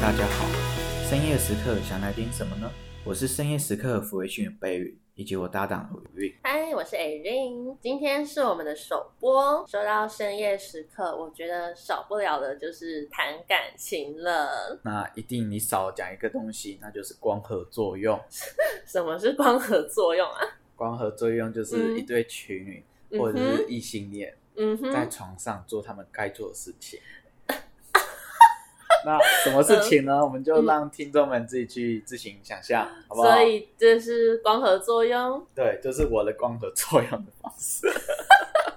大家好，深夜時刻想來聽什麼呢？我是深夜時刻撫慰心靈的 Barry，以及我搭檔盧。Hi，我是 Erin，今天是我們的首播。說到深夜時刻，我覺得少不了的就是談感情了。那一定你少講一個東西，那就是光合作用。 什麼是光合作用啊？光合作用就是一對情侶、嗯、或者是異性戀、嗯，在床上做他們該做的事情。 那什麼事情呢？我們就讓聽眾們自己去自行想象，嗯，好不好？所以這是光合作用，對，就是我的光合作用的方式。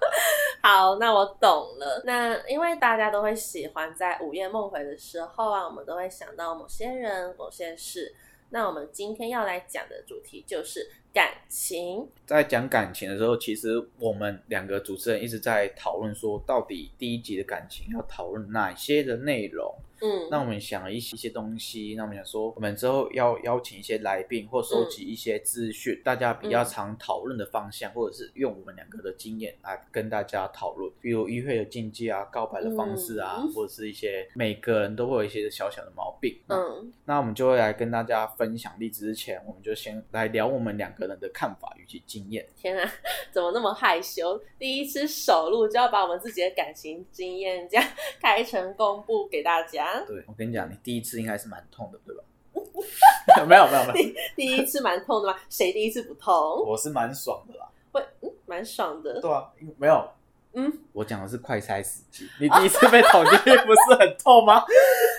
好，那我懂了。那因為大家都會喜歡在午夜夢回的時候啊，我們都會想到某些人、某些事。那我們今天要來講的主題就是感情。在講感情的時候，其實我們兩個主持人一直在討論說，到底第一集的感情要討論哪些的內容。嗯，那我們想了一些東西，那我們想說，我們之後要邀請一些來賓或收集一些資訊，嗯、大家比較常討論的方向、嗯，或者是用我們兩個的經驗來跟大家討論，比如約會的禁忌啊、告白的方式啊，嗯、或者是一些每個人都會有一些小小的毛病。嗯，那我們就會來跟大家分享例子之前，我們就先來聊我們兩個人的看法以及經驗。天啊，怎麼那麼害羞？第一次首錄就要把我們自己的感情經驗這樣開誠公布給大家。啊、對我跟你講，你第一次應該是蠻痛的，對 吧？ 沒有沒有沒有，第一次蠻痛的嗎？誰 第一次不痛？我是蠻爽的啦，蠻、嗯、爽的，對啊，沒有，嗯，我講的是快篩自己，你第一次被捅進 去 不是很痛嗎？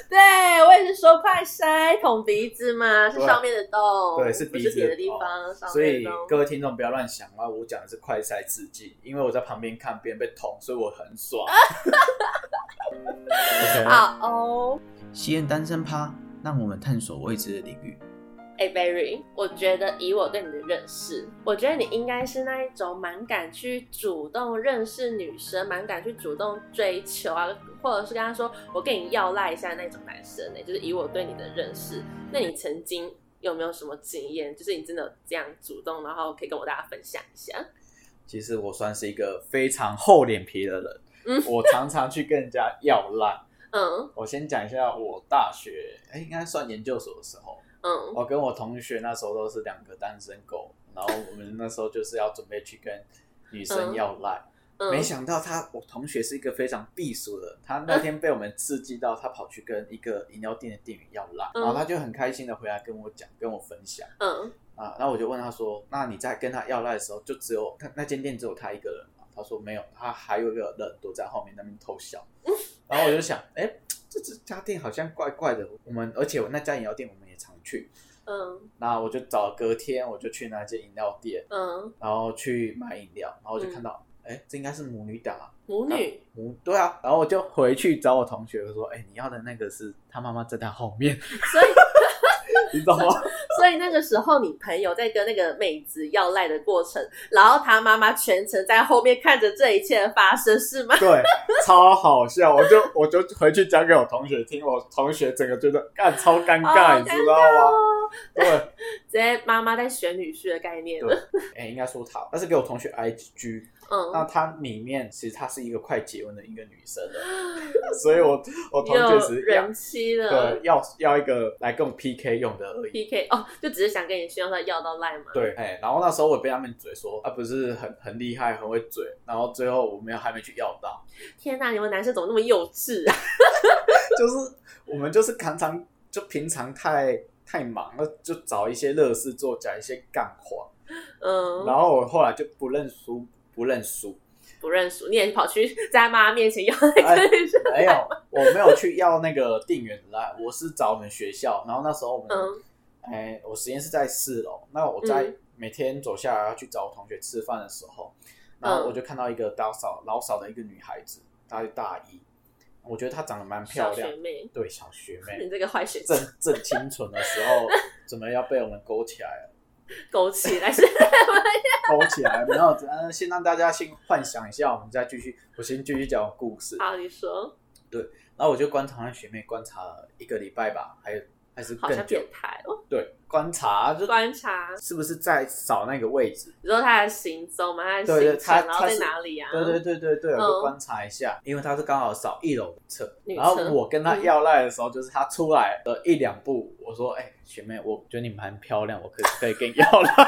對，我也是說快篩捅鼻子嘛？是上面的洞，對，是鼻子的地方。哦、所以上各位聽眾不要亂想啊，我講的是快篩自己，因為我在旁邊看別人被捅，所以我很爽。 啊哦！CM 單身趴，讓我們探索未知的領域。哎、hey,，Barry，我覺得以我對你的認識，我覺得你應該是那一種蠻敢去主動認識女生，蠻敢去主動追求啊，或者是跟他說我跟你要賴一下那種男生、欸、就是以我對你的認識，那你曾經有沒有什麼經驗？就是你真的有這樣主動，然後可以跟我大家分享一下？其實我算是一個非常厚臉皮的人。 我常常去跟人家要爛。嗯 我先講一下我大學，哎、欸，應該算研究所的時候。嗯， 我跟我同學那時候都是兩個單身狗，然後我們那時候就是要準備去跟女生要賴。 沒想到他，我同學是一個非常閉俗的，他那天被我們刺激到，他跑去跟一個飲料店的店員要賴。 然後他就很開心的回來跟我講，跟我分享。嗯， 啊，那我就問他說，那你在跟他要賴的時候，就只有他，那間店只有他一個人嗎？他說沒有，他還有一個人躲在後面那邊偷笑。然後我就想，哎、 欸，這家店好像怪怪的。我們，而且我那家飲料店我們也常去。嗯，那我就找隔天，我就去那家飲料店。嗯，然後去買飲料，然後我就看到，哎、嗯欸，這應該是母女檔、啊，母女母。對啊。然後我就回去找我同學，我說，哎、欸，你要的那個是他媽媽在他後面。所以。 你知道嗎？ 所以那個時候，你朋友在跟那個妹子要賴的過程，然後他媽媽全程在後面看着這一切的發生，是嗎？ 對，超好笑，我就我就回去講給我同學聽，我同學整個覺得幹超尷尬、哦，你知道嗎？哦、對， 直接媽媽在選女婿的概念了。哎、欸，應該說他，但是給我同學 IG。嗯、那他裡面其實他是一個快結婚的一個女生， 所以我我同學是人妻了，對、呃，要要一個來跟我 PK 用的而已。Oh, PK 哦、oh,，就只是想跟你希望他要到 Line 嘛。對，哎、欸，然後那時候我被他們嘴說啊，不是很很厲害，很會嘴，然後最後我們還沒去要到。天哪，你們男生怎麼那麼幼稚啊？ 就是我們就是常常就平常太太忙了，就找一些樂事做，講一些幹話，嗯，然後我後來就不認輸。不認輸，不認輸！你也跑去在他媽面前要、哎？沒有，我沒有去要那個店員啦，我是找我們學校。然後那時候我們，嗯、哎，我實驗室在四樓。那我在每天走下來要去找我同學吃飯的時候、嗯，然後我就看到一個大嫂，老少的一個女孩子，她是大一，我覺得她長得蠻漂亮，小學妹對小學妹，你這個壞學生正正清純的時候，怎麼要被我們勾起來了？勾起來是怎麼樣？ 勾起來，然後先讓大家先幻想一下，我們再繼續。我先繼續講故事。好，啊，你說。對，然後我就觀察那學妹，觀察了一個禮拜吧，還有。還是更變態哦！對，觀察就觀察是不是在掃那個位置，你說他的行蹤嗎？他的行程對對對，他他，然後在哪裡啊？對對對對對，嗯、我就觀察一下，因為他是剛好掃一樓廁，然後我跟他要賴的時候，嗯，就是他出來了一兩步，我說：“哎、欸，學妹，我覺得你們很漂亮，我可以可以跟你要賴。 ”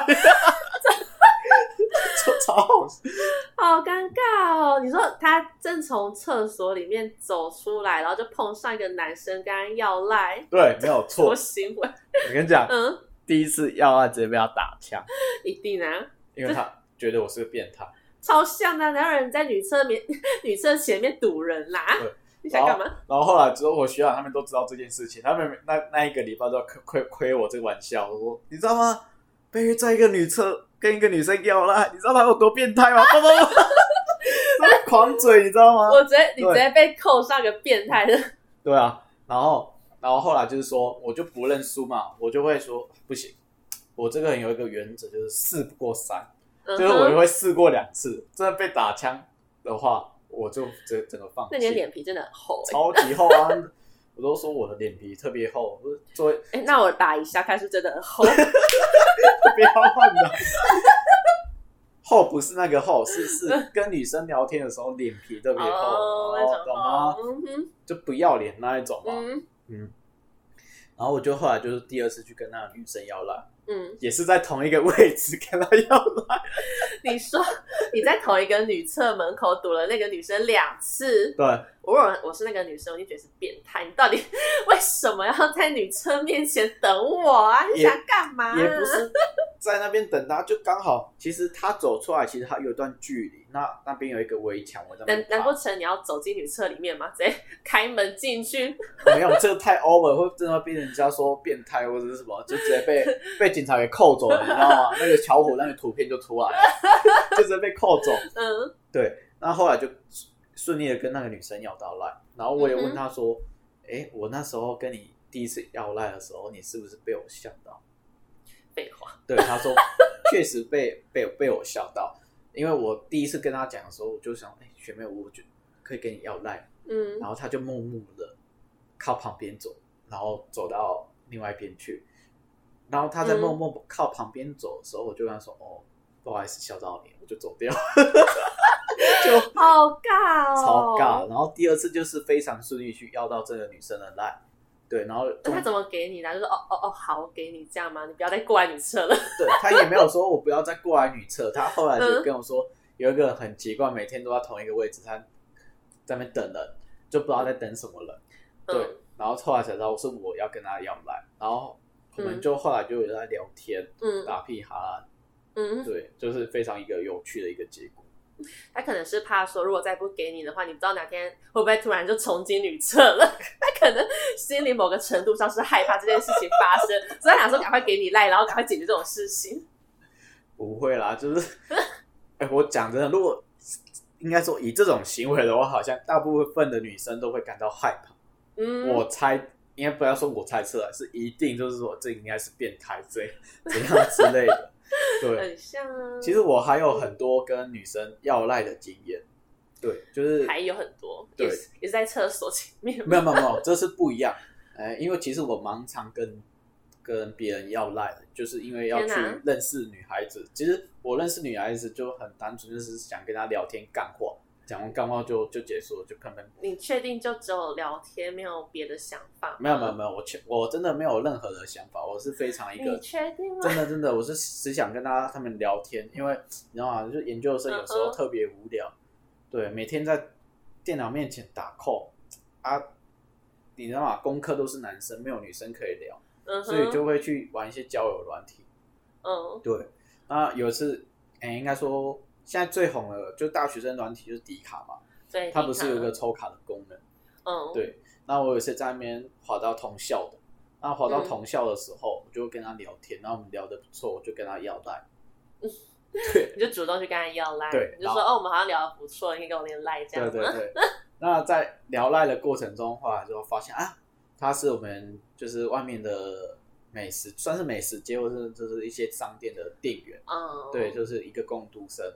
好尷尬哦！你說他正從廁所裡面走出來，然後就碰上一個男生，剛剛要賴，對，沒有錯。 我行為，我跟你講，嗯，第一次要賴直接被他打槍，一定啊，因為他覺得我是個變態，超像的，哪有人在女廁面女廁前面堵人啦，對？你想幹嘛？然後然後，後來之後，我學長他們都知道這件事情，他們那那一個禮拜就要虧虧我這個玩笑，我說你知道嗎？被在一個女廁，跟一個女生要啦，你知道她有多變態嗎？他 都狂嘴，你知道嗎？我直接你直接被扣上個變態的。對啊，然後然後後來就是說我就不認輸嘛，我就會說不行，我這個人有一個原則就是事不過三，嗯、就是我就會試過兩次，真的被打槍的話，我就整整個放棄。那你的臉皮真的很厚。欸，超級厚啊！ 我都說我的臉皮特別厚，所以、欸、那我打一下，看是真的厚， 我不要換的 厚不是那個厚，是是跟女生聊天的時候臉皮特別厚，哦，懂嗎？嗯、就不要臉那一種嘛，嗯嗯，然後我就後來就是第二次去跟那個女生要了。嗯，也是在同一個位置跟他要來。你說 你在同一個女廁門口堵了那個女生兩次，對，我我我是那個女生，我就覺得是變態。你到底為什麼要在女廁面前等我啊？你想幹嘛、啊也？也不是在那邊等她，就剛好其實她走出來，其實她有一段距離，那那邊有一個圍牆，我難難不成你要走進女廁裡面嗎？直接開門進去？嗯、 沒有，這、就、個、是、太 over，會真的被人家說變態或者是什麼，就直接被被。 警察給扣走了，你知道嗎？那個巧虎那個圖片就出來了， 就是被扣走。嗯，對。那後，後來就順利的跟那個女生要到賴，然後我也問他說：“誒、嗯嗯欸，我那時候跟你第一次要賴的時候，你是不是被我嚇到？”廢話，對，他說，確實被被被我嚇到，因為我第一次跟他講的時候，我就想，誒、欸，學妹，我就可以跟你要賴。嗯，然後他就默默的靠旁邊走，然後走到另外一邊去。然後他在默默靠旁邊走的時候，嗯、我就跟他說：“哦，不好意思，吵到你，我就走掉。 就”就好尬哦，超尬。然後第二次就是非常順利去要到這個女生的賴，對。然後他怎麼給你的？就說、是：“哦哦哦，好，我給你這樣嗎？你不要再過來女廁了。對”對他也沒有說我不要再過來女廁。 他後來就跟我說，有一個人很奇怪，每天都在同一個位置，他在那邊等人，就不知道在等什麼人。嗯、對。然後後來才知道，我說我要跟他要賴，然後。我們就後來就在聊天，打、嗯、屁哈，嗯，對，就是非常一個有趣的一個結果。他可能是怕說，如果再不給你的話，你不知道哪天會不會突然就從金女廁了。他可能心裡某個程度上是害怕這件事情發生， 所以他想說趕快給你賴，然後趕快解決這種事情。不會啦，就是，哎、欸，我講真的，如果應該說以這種行為的話，好像大部分的女生都會感到害怕。嗯，我猜。應該不要說，我猜測是一定，就是說這應該是變態罪怎樣之類的。 對，很像啊。其實我還有很多跟女生要賴的經驗，對，就是還有很多，對也，也是在廁所前面。沒有沒有沒有， 這是不一樣。呃、因為其實我蠻常跟跟別人要賴的，就是因為要去認識女孩子。其實我認識女孩子就很單純，就是想跟她聊天幹活。講完幹話就就結束了，就看看。你確定就只有聊天，沒有別的想法？沒有沒有沒有，我確我真的沒有任何的想法，我是非常一個。你確定嗎？真的真的，我是只想跟大家他們聊天，因為你知道嗎，就研究生有時候特別無聊，uh -oh. 對，每天在電腦面前打 call 啊，你知道嗎，功課都是男生，沒有女生可以聊，uh -huh. 所以就會去玩一些交友軟體，嗯、uh -oh.，對。啊，有一次，哎、欸，應該說。現在最紅的就大學生軟體就是迪卡嘛，對它不是有一個抽卡的功能？嗯，對。那我有一次在那邊滑到同校的，那滑到同校的時候、嗯，我就跟他聊天，然後我們聊的不錯，我就跟他要賴、嗯。對，你就主動去跟他要賴，對，你就說哦，我們好像聊的不錯，你可以跟我連賴這樣。對對對。那在聊賴的過程中的話，後來就發現啊，他是我們就是外面的美食，算是美食結果就是就是一些商店的店員嗯。對，就是一個工讀生。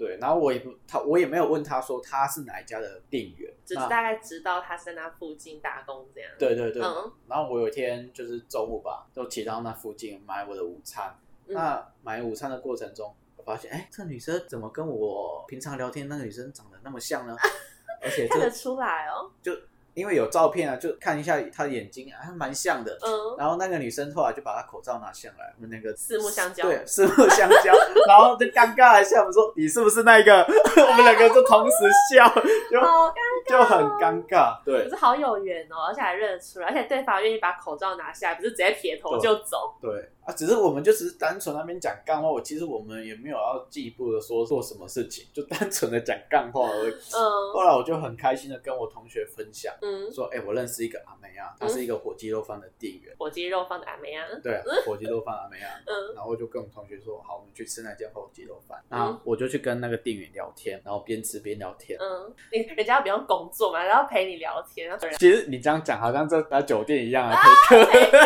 對，然後我也不，他我也沒有問他說他是哪一家的店員，只是大概知道他是在那附近打工這樣。對對對。嗯、然後我有一天就是周五吧，就騎到那附近買我的午餐。嗯、那買午餐的過程中，我發現，哎，這女生怎麼跟我平常聊天那個女生長得那麼像呢？ 而且看得出來哦。就。因為有照片啊，就看一下他眼睛啊，還蠻像的。嗯，然後那個女生後來就把她口罩拿下來，我們兩個四目相交，對，四目相交， 然後就尷尬一下。我們說，你是不是那個？ 我們兩個就同時笑，就 好尷尬。.就很尷尬，尷尬，對，不是好有緣哦、喔，而且還認得出來，而且對方願意把口罩拿下來，不是直接撇頭就走，對，對啊，只是我們就只是單純那邊講幹話，我其實我們也沒有要進一步的說做什麼事情，就單純的講幹話而已。嗯，後來我就很開心的跟我同學分享，嗯，說哎、欸，我認識一個阿梅啊，她是一個火雞肉飯的店員，火雞肉飯的阿梅啊，對，火雞肉飯阿梅啊，嗯，然後我就跟我同學說、嗯，好，我們去吃那間火雞肉飯、嗯，那我就去跟那個店員聊天，然後邊吃邊聊天，嗯，你人家不用。工作嘛，然後陪你聊天。其實你這樣講，好像在酒店一樣的客啊，陪客，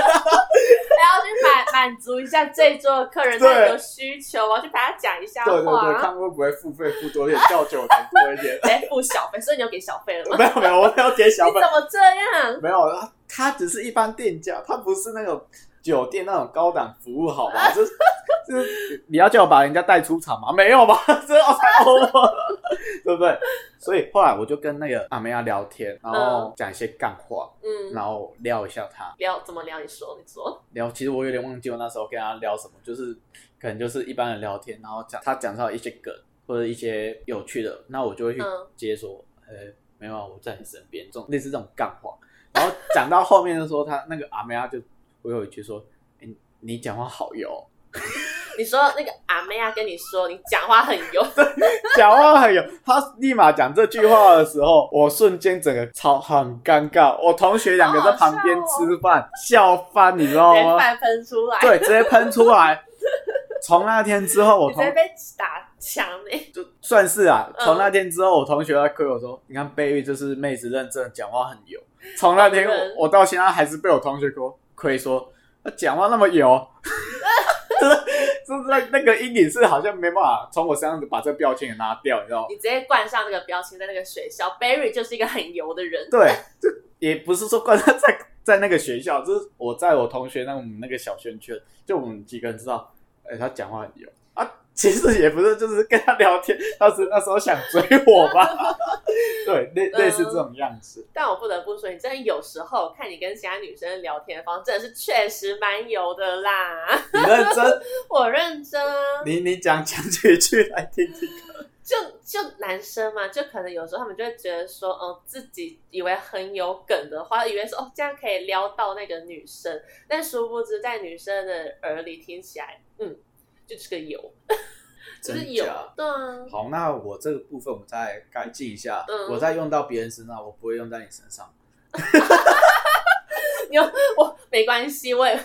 然後去滿滿 足一下這桌客人的需求，我要去陪他講一下話。對對對，他們會不會付費付多一點，叫酒錢多一點？哎，付小費，所以你又給小費了嗎？沒有沒有，我要給小費？ 你怎麼這樣？沒有，他只是一般店家，他不是那種、個。酒店那種高檔服務好嗎？好 吧，就是就是你要叫我把人家帶出場嗎？ 沒有吧，這、 哦、太 o 對不對？所以後來我就跟那個阿梅亞聊天，然後講一些幹話，嗯，然後聊一下他聊，怎麼聊？你說，你說聊，其實我有點忘記我那時候跟他聊什麼，就是可能就是一般人聊天，然後講他講到一些梗或者一些有趣的，那我就會去接說。呃、嗯欸，沒有啊，我在你身邊，這種類似這種幹話，然後講到後面的時候，他 那個阿梅亞就。我有一句說，哎、欸，你講話好油、哦。 你說那個阿妹啊，跟你說你講話很油，講 話很油。他立馬講這句話的時候，我瞬間整個超很尷尬。我同學兩個在旁邊吃飯、哦，笑翻，你知道嗎？直接噴出來。對，直接噴出來。從 那天之後，我同學被打槍的、欸，就算是啊。從、嗯、那天之後，我同學虧我說，嗯、你看 Barry 就是妹子認證，講話很油。從那天我， 我到現在還是被我同學說。可以說他講話那麼油， 就是，就是那個陰影是好像沒辦法從我身上的把這個標籤給拿掉，你知道嗎？你直接冠上那個標籤在那個學校，Barry 就是一個很油的人。 對，就也不是說冠上在在那個學校，就是我在我同學那，我們那個小圈圈，就我們幾個人知道，欸、他講話很油。其實也不是，就是跟他聊天，當時那時候想追我吧， 對，類、嗯、類似這種樣子。但我不得不說，你真的有時候看你跟其他女生聊天的方式，真的是確實蠻有的啦。你認真？ 我認真啊。你你講講幾句來聽聽。就就男生嘛，就可能有時候他們就會覺得說，哦，自己以為很有梗的話，以為說哦，這樣可以撩到那個女生，但殊不知在女生的耳裡聽起來，嗯。就是個油，真假 有對啊，好，那我這個部分我們再改進一下，嗯，我再用到別人身上，我不會用在你身上。 Yo, 我沒關係，我也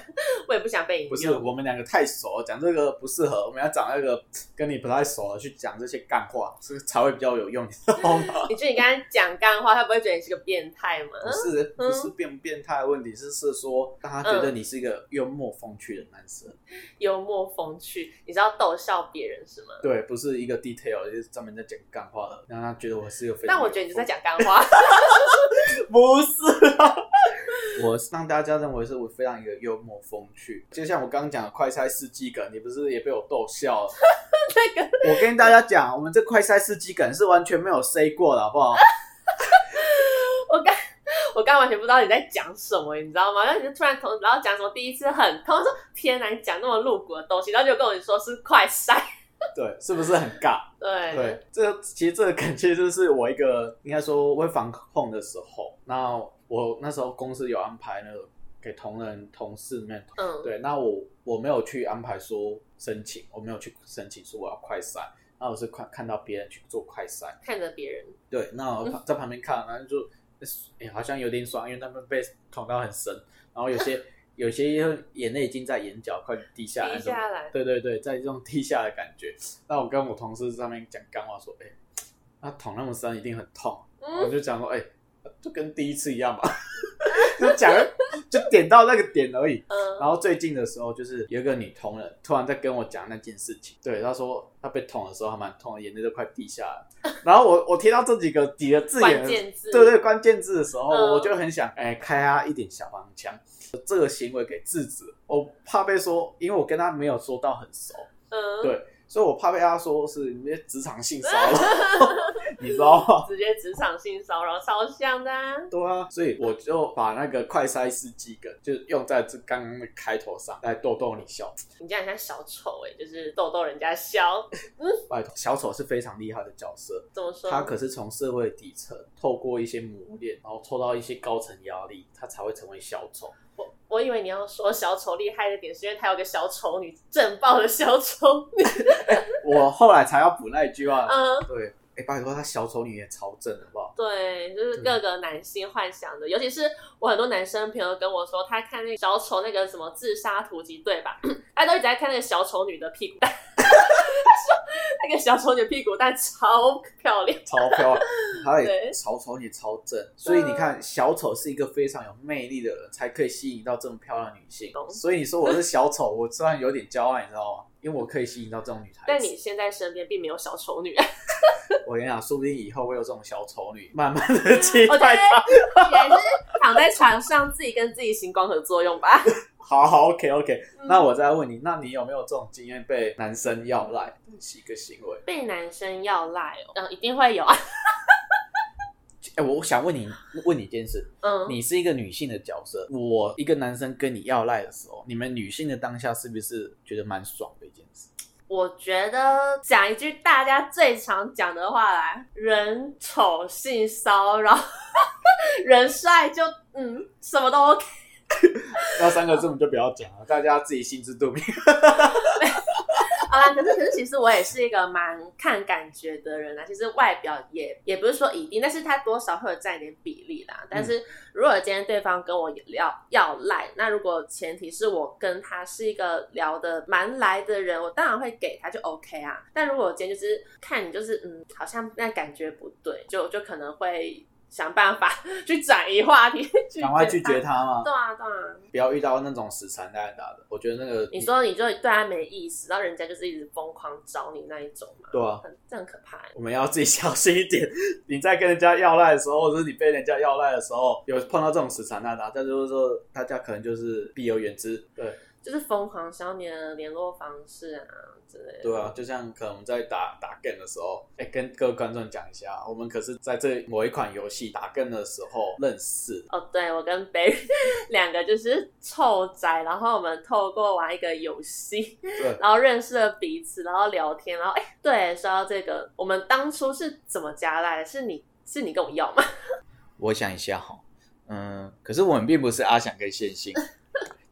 我也不想被影響。不是我們兩個太熟了，講這個不適合。我們要找那個跟你不太熟的去講這些乾話，是，是才會比較有用，你知道嗎？ 你覺得你剛才講乾話，他不會覺得你是個變態嗎？不是，不是變不變態的問題，是是說，讓他覺得你是一個幽默風趣的男生。嗯、幽默風趣，你知道逗笑別人是嗎？對，不是一個 detail，就是專門在講乾話的，讓他覺得我是一個非常。那我覺得你就在講乾話。不是啊。 我讓大家認為是我非常一個幽默風趣，就像我剛剛講的快篩司機梗，你不是也被我逗笑了？ 那個，我跟大家講， 我們這快篩司機梗是完全沒有 say 過的，好不好？ 我剛我剛完全不知道你在講什麼，你知道嗎？然後，你就突然然後講什麼第一次很，他們說天哪，你講那麼露骨的東西，然後就跟我說是快篩 對，是不是很尬？對對，這其實這個梗其實就是我一個應該說，我會防控的時候，那。我那時候公司有安排那個給同仁同事們、嗯，對，那我我沒有去安排說申請，我沒有去申請說我要快閃，那我是看看到別人去做快閃，看着別人，對，那我在旁邊看、嗯，然後就哎、欸、好像有點爽，因為他們被捅到很深，然後有些 有些眼淚已經在眼角快滴下，下來，對對對，在這種滴下的感覺，那我跟我同事上面講幹話說，哎、欸，那捅那麼深一定很痛，我、嗯、就講說，哎、欸。就跟第一次一樣嘛 就講，就點到那個點而已。然後最近的時候，就是有一個女同仁突然在跟我講那件事情。對，她說她被捅的時候，還蠻痛的，眼淚都快滴下來。然後我我提到這幾個幾個字眼，對對，關鍵字的時候，我就很想哎、欸、開她一點小黃腔，這個行為給制止，我怕被說，因為我跟她沒有說到很熟。嗯。對。所以我怕被他說是你些職場性騷擾， 你知道嗎？直接職場性騷擾，燒香的。啊。 對啊，所以我就把那個快篩試劑梗就用在這剛剛開頭上來逗逗你笑。你這樣像小丑哎、欸，就是逗逗人家笑。嗯， 拜託，小丑是非常厲害的角色。怎麼說？他可是從社會底層，透過一些磨練，然後抽到一些高層壓力，他才會成為小丑。哦我以為你要說小丑厲害的點，是因為他有個小丑女，正爆的小丑女。 欸、我後來才要補那一句話。嗯，對。哎、欸，拜託，說他小丑女也超正的，好不好？對，就是各個男性幻想的，尤其是我很多男生朋友跟我說，他、說他看那小丑那個什麼自殺突擊隊對吧。 他、啊、都一直在看那個小丑女的屁股蛋， 他說那個小丑女屁股蛋超漂亮，超漂，亮。還超丑女超正，所以你看小丑是一個非常有魅力的人，才可以吸引到這麼漂亮的女性、嗯。所以你說我是小丑，我雖然有點驕傲，你知道嗎？因為我可以吸引到這種女孩子，但你現在身邊並沒有小丑女、啊， 我跟你講，說不定以後會有這種小丑女慢慢的期待她，okay, 也是躺在床上 自己跟自己行光合作用吧。好，OK，OK 好 okay, okay.、嗯。那我再問你，那你有沒有這種經驗被男生要賴是一個行為？被男生要賴哦，嗯，一定會有、啊。哎、 欸，我想問你問你一件事，嗯，你是一個女性的角色，我一個男生跟你要賴的時候，你們女性的當下是不是覺得蠻爽的一件事？我覺得講一句大家最常講的話來，人醜性騷擾，然後人帥就嗯什麼都 OK。 那三個字我們就不要講了，大家自己心知肚明。 好啦，可是可是其實我也是一個蠻看感覺的人啦，啊，其實外表也也不是說一定，但是他多少會有占一點比例啦。但是如果今天對方跟我聊要來，那如果前提是我跟他是一個聊得蠻來的人，我當然會給他就 OK 啊。但如果我今天就是看你就是嗯，好像那感覺不對，就就可能會。想辦法去轉移話題，趕快拒絕他嘛。對啊，對啊。不要遇到那種死纏爛打的，我覺得那個你。你說你就對他沒意思，然後人家就是一直瘋狂找你那一種嘛。對啊。很這很可怕。我們要自己小心一點。你在跟人家要賴的時候，或者是你被人家要賴的時候，有碰到這種死纏爛打，再就是說大家可能就是避而遠之。對。就是瘋狂想要你的聯絡方式啊之類的。對啊，就像可能在打打 game 的時候，哎，跟各位觀眾講一下，我們可是在這某一款遊戲打 game 的時候認識。哦，對，我跟 Barry 兩個就是臭宅，然後我們透過玩一個遊戲，對，然後認識了彼此，然後聊天，然後哎，對，說到這個，我們當初是怎麼加來的？是你是你跟我要嗎？我想一下哈、哦，嗯，可是我們並不是阿翔跟線性。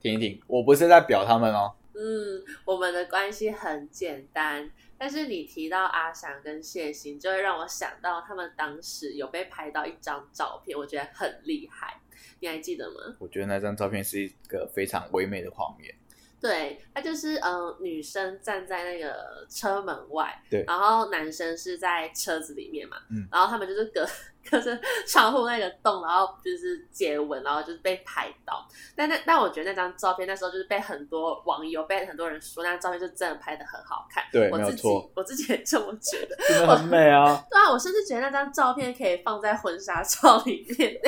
停一停，我不是在表他們哦。嗯，我們的關係很簡單，但是你提到阿翔跟謝忻，就會讓我想到他們當時有被拍到一張照片，我覺得很厲害，你還記得嗎？我覺得那張照片是一個非常唯美的畫面。對，他、啊、就是嗯、呃、女生站在那個車門外，對，然後男生是在車子裡面嘛，嗯，然後他們就是隔隔着窗戶那個洞，然後就是接吻，然後就是被拍到。但那但我覺得那張照片那時候就是被很多網友被很多人說，那張照片就真的拍的很好看。對我自己，沒有錯，我自己也這麼覺得， 真的很美啊。對啊，我甚至覺得那張照片可以放在婚紗照裡面。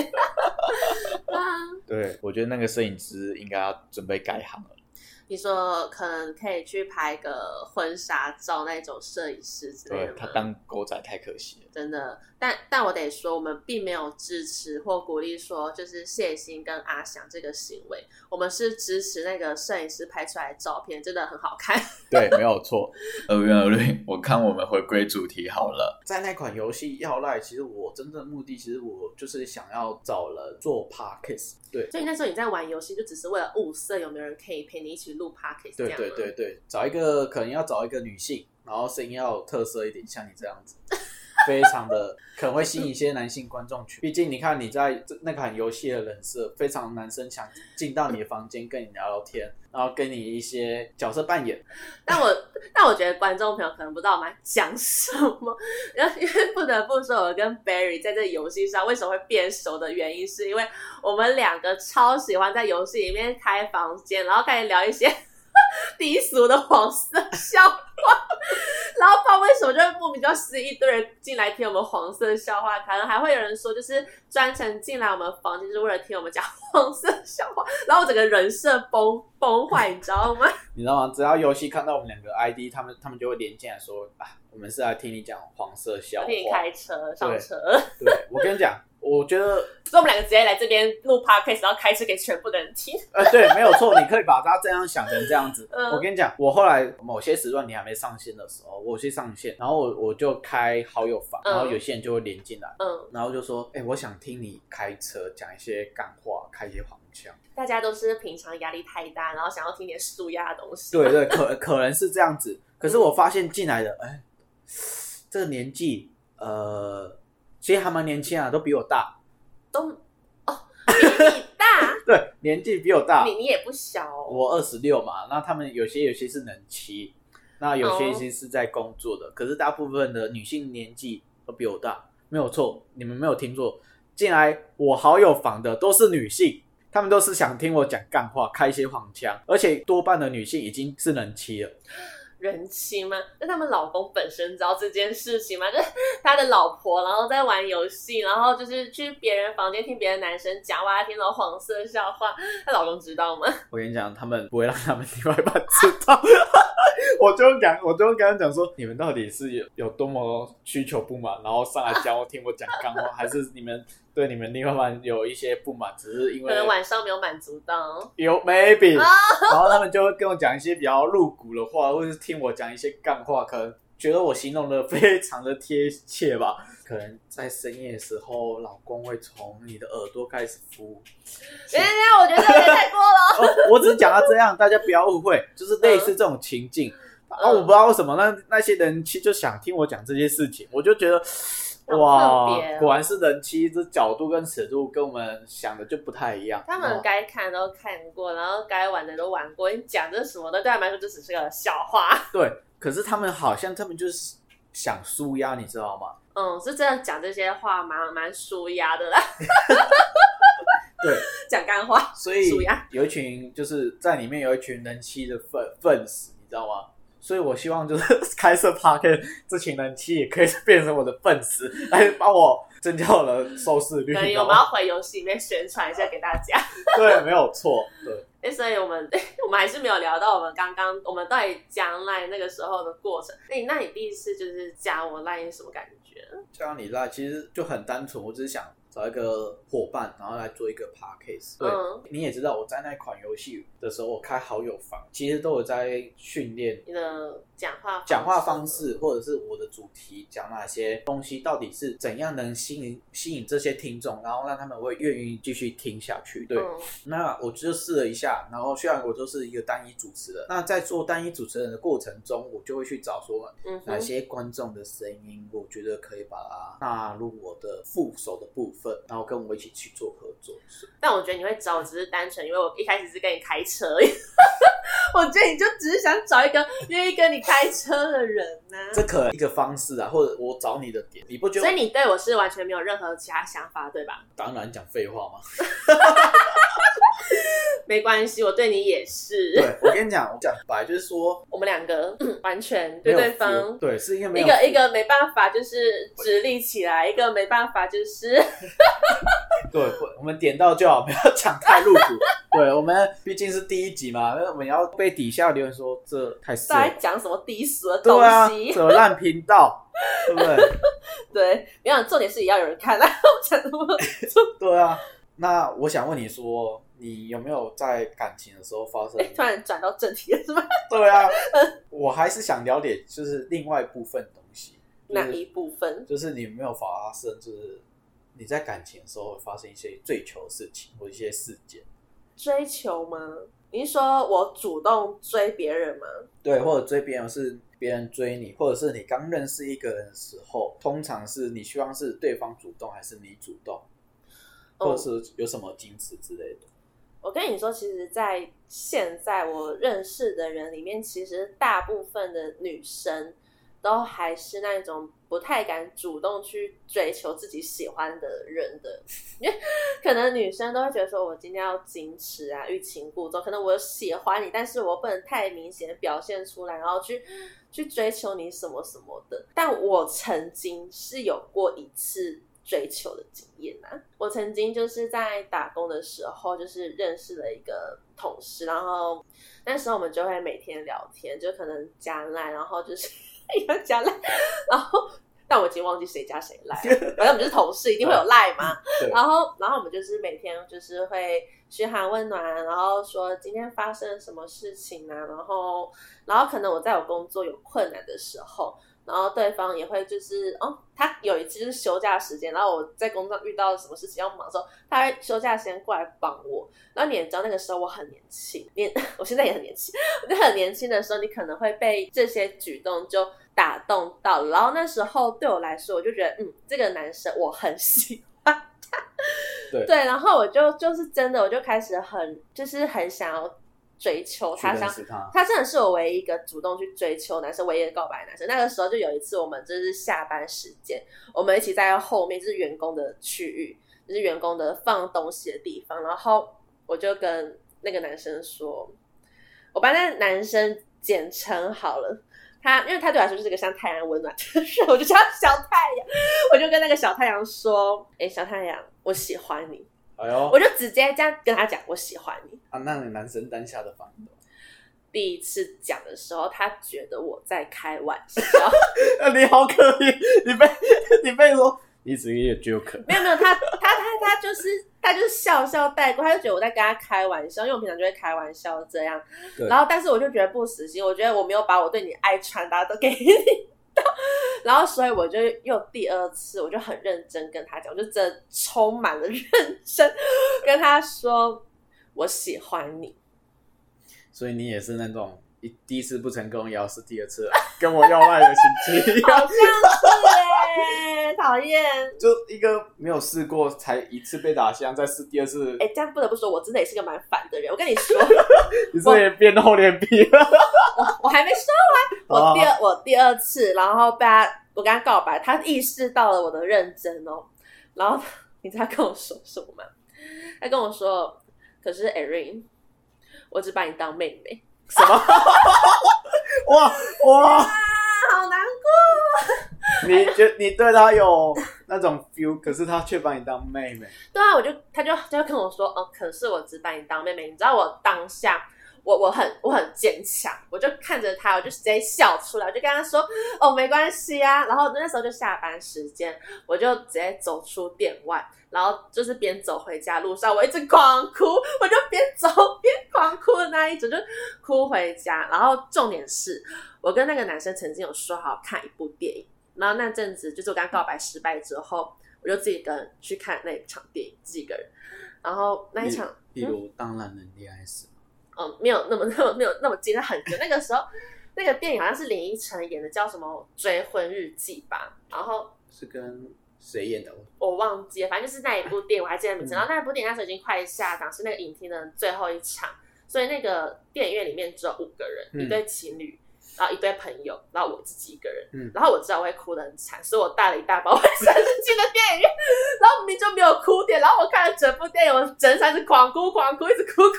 啊、對，我覺得那個攝影師應該要準備改行了。你說可能可以去拍個婚紗照那種攝影師之類的。對，對他當狗仔太可惜了。真的，但但我得說，我們並沒有支持或鼓勵說就是謝忻跟阿翔這個行為。我們是支持那個攝影師拍出來的照片，真的很好看。對，沒有錯，爾言爾慮。我看我們回歸主題好了。在那款遊戲《要賴》，其實我真正目的，其實我就是想要找了做 p a r k i s s 對，所以那時候你在玩遊戲，就只是為了物色有沒有人可以陪你。一起錄 Podcast，對對對對，找一個可能要找一個女性，然後聲音要有特色一點，像你這樣子。 非常的可能會吸引一些男性觀眾群，畢竟你看你在那款、個、遊戲的人設，非常男生想進到你的房間跟你聊聊天，然後跟你一些角色扮演。 但我但我覺得觀眾朋友可能不知道我們講什麼。然後因為不得不說，我跟 Barry 在這個遊戲上為什麼會變熟的原因，是因為我們兩個超喜歡在遊戲裡面開房間，然後開始聊一些。低俗的黃色笑話， 然後不知道為什麼就會莫名其妙吸引一堆人進來聽我們黃色笑話，可能還會有人說就是專程進來我們房間就是為了聽我們講黃色笑話，然後我整個人設崩崩壞，你知道嗎？ 你知道嗎？只要遊戲看到我們兩個 ID，他們他們就會連進來說啊，我們是來聽你講黃色笑話。可以開車上車對。對，我跟你講。 我覺得、嗯，所以我們兩個直接來這邊錄 podcast，然後開車給全部的人聽。呃，對，沒有錯， 你可以把他這樣想成這樣子。嗯、我跟你講，我後來某些時段你還沒上線的時候，我去上線，然後我我就開好友房，然後有些人就會連進來嗯，嗯，然後就說，哎、欸，我想聽你開車講一些幹話，開一些黃腔。大家都是平常壓力太大，然後想要聽點舒壓的東西。對,對對，可可能是這樣子。可是我發現進來的，哎、嗯欸，這個年紀，呃。其實還蠻年輕啊，都比我大，都哦比你大， 對，年紀比我大，你你也不小，哦，我二十六嘛。那他們有些有些是人妻，那有些已經是在工作的，哦，可是大部分的女性年紀都比我大，沒有錯，你們沒有聽錯，進來我好友房的都是女性，他們都是想聽我講幹話，開一些黃腔，而且多半的女性已經是人妻了。人妻嗎？那他們老公本身知道這件事情嗎？就是他的老婆，然後在玩遊戲，然後就是去別人房間聽別的男生講話，聽到黃色笑話，她老公知道嗎？我跟你講，他們不會讓他們另外一半知道。 我就講，我就跟他講說，你們到底是有有多麼需求不滿，然後上來教聽我講幹話， 還是你們？對你們另一半有一些不滿，只是因為可能晚上沒有滿足到、哦，有 maybe，、oh. 然後他們就會跟我講一些比較露骨的話，或者是聽我講一些幹話，可能覺得我形容得非常的貼切吧。 可能在深夜的時候，老公會從你的耳朵開始敷。別別我覺得太多了。 我只講到這樣，大家不要誤會，就是類似這種情境。啊、uh.，我不知道為什麼那那些人其實就想聽我講這些事情，我就覺得。哇，果然是人妻，這角度跟尺度跟我們想的就不太一樣。他們該看都看過，哦、然後該玩的都玩過，你講這什麼的對他們來說就只是個笑話。對，可是他們好像他們就是想舒壓，你知道嗎？嗯，是這樣講這些話蠻蠻舒壓的啦。 對，講幹話，所以舒壓，有一群就是在裡面有一群人妻的粉粉絲，你知道嗎？所以我希望就是開設 party 這群人氣也可以變成我的粉絲，來幫我增加我的收視率。 對，我們要回遊戲裡面宣傳一下給大家。 對，沒有錯。對。哎，所以我們我們還是沒有聊到我們剛剛我們在加 line 那個時候的過程。你、欸、那你第一次就是加我 line 是什麼感覺？加你 line 其實就很單純，我只是想。找一個夥伴，然後來做一個 podcast。對、嗯，你也知道我在那款遊戲的時候，我開好友房，其實都有在訓練你的講話的講話方式，或者是我的主題講哪些東西，到底是怎樣能吸引吸引這些聽眾，然後讓他們會願意繼續聽下去。對，嗯、那我就試了一下，然後雖然我就是一個單一主持人，那在做單一主持人的過程中，我就會去找說哪些觀眾的聲音，嗯、我覺得可以把它納入我的副手的部分。然後跟我一起去做合作是但我覺得你會找我，只是單純因為我一開始是跟你開車， 我覺得你就只是想找一個願意跟你開車的人呢、啊。 這可能一個方式啊，或者我找你的點，你不覺得？所以你對我是完全沒有任何其他想法，對吧？當然，講廢話嘛。 沒關係，我對你也是。對，我跟你講，我講白就是說， 我們兩個完全對對方，對，是因為一個一個沒辦法就是直立起來，一個沒辦法就是。 對，我們點到就好，不要講太露骨。 對，我們畢竟是第一集嘛，那我們要被底下留言說這太死。在講什麼低俗的東西？什麼爛頻道？ 對不對？對，別講。重點是也要有人看啊！我想這麼？對啊，那我想問你說。你有沒有在感情的時候發生、欸？突然轉到正題了是嗎？對啊， 我還是想了解，就是另外一部分的東西、就是。哪一部分？就是你有沒有發生，就是你在感情的時候發生一些追求事情或一些事件？追求嗎？你是說我主動追別人嗎？對，或者追別人是別人追你，或者是你剛認識一個人的時候，通常是你希望是對方主動還是你主動，或者是有什麼矜持之類的？嗯我跟你說，其實，在現在我認識的人裡面，其實大部分的女生都還是那種不太敢主動去追求自己喜歡的人的。因 為可能女生都會覺得說，我今天要矜持啊，欲擒故縱。可能我喜歡你，但是我不能太明顯表現出來，然後去去追求你什麼什麼的。但我曾經是有過一次。追求的經驗吶、啊，我曾經就是在打工的時候，就是認識了一個同事，然後那時候我們就會每天聊天，就可能加賴，然後就是 加賴，然後但我已經忘記誰加誰賴。反正我們是同事， 一定會有賴嘛。 然後，然後我們就是每天就是會噓寒問暖，然後說今天發生了什麼事情啊，然後，然後可能我在我工作有困難的時候。然後對方也會就是哦，他有一次就是休假時間，然後我在工作遇到什麼事情要忙的時候，他會休假先過來幫我。然後你也知道那個時候我很年輕，年，我現在也很年輕，我就很年輕的時候，你可能會被這些舉動就打動到了。然後那時候對我來說，我就覺得嗯，這個男生我很喜歡他，對。對，然後我就就是真的，我就開始很就是很想要。追求他想，他真的是我唯一一個主動去追求男生，唯一的告白的男生。那個時候就有一次，我們就是下班時間，我們一起在後面就是員工的區域，就是員工的放東西的地方。然後我就跟那個男生說，我把那個男生簡稱好了，他因為他對我來說就是一個像太陽溫暖的人， 我就叫小太陽。我就跟那個小太陽說，哎、欸，小太陽，我喜歡你。哎呦！我就直接這樣跟他講，我喜歡你啊。那你男生當下的反應？第一次講的時候，他覺得我在開玩笑。 啊，你好可憐，你被你被說 你是一個 Joker，沒有沒有，他他他他就是他就是笑笑帶過，他就覺得我在跟他開玩笑，因為我平常就會開玩笑這樣。然後，但是我就覺得不死心，我覺得我沒有把我對你愛穿搭都給你。 然後，所以我就又第二次，我就很認真跟他講，我就真的充滿了認真跟他說我喜歡你。所以你也是那種一第一次不成功，也要試第二次，啊、 跟我要愛的心機，討 厭是、欸， 討厭，就一個沒有試過，才一次被打槍，再試第二次。哎，欸，這樣不得不說，我真的也是個蠻煩的人。我跟你說。 你這也變厚臉皮了。 我還沒說完，我第二我第二次，然後被他我跟他告白，他意識到了我的認真哦，然後他你知道他跟我說什麼嗎？他跟我說：“可是 Erin，我只把你當妹妹。”什麼？ 哇哇、啊！好難過。你覺得你對他有那種 feel， 可是他卻把你當妹妹。對啊，我就他就他就跟我說，哦，可是我只把你當妹妹。你知道我當下，我我很我很堅強，我就看着他，我就直接笑出來，我就跟他說，哦，沒關係啊。然後那時候就下班時間，我就直接走出店外，然後就是邊走回家路上，我一直狂哭，我就邊走邊狂哭的那一種就哭回家。然後重點是，我跟那個男生曾經有說好看一部電影。然後那陣子就是我剛告白失敗之後，我就自己跟去看那一場電影，自己一個人。然後那一場，如、嗯、當然能戀愛死嗯，沒有那麼、那麼、沒有那麼激的很 那個時候，那個電影好像是林依晨演的，叫什麼《追婚日記》吧？然後是跟誰演的？我忘記了，反正就是那一部電影，啊、我還記得名字、嗯。然後那一部電影那時候已經快下檔，是那個影廳的最後一場，所以那個電影院裡面只有五個人，嗯、一對情侶。然後一堆朋友，然後我自己一個人，嗯、然後我知道我會哭得很慘，所以我帶了一大包衛生紙去電影院， 然後明明就沒有哭點，然後我看了整部電影，我整三次狂哭狂哭，一直哭哭哭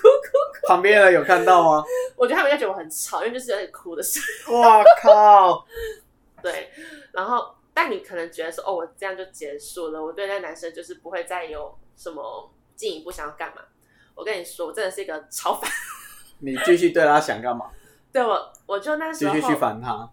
哭。旁邊人有看到嗎？我覺得他們應該覺得我很吵，因為就是有點哭的聲音。哇靠！ 對，然後但你可能覺得說，哦，我這樣就結束了，我對那男生就是不會再有什麼進一步想要幹嘛。我跟你說，我真的是一個超凡。你繼續對他想幹嘛？ 對我，我就那時候繼續去煩他，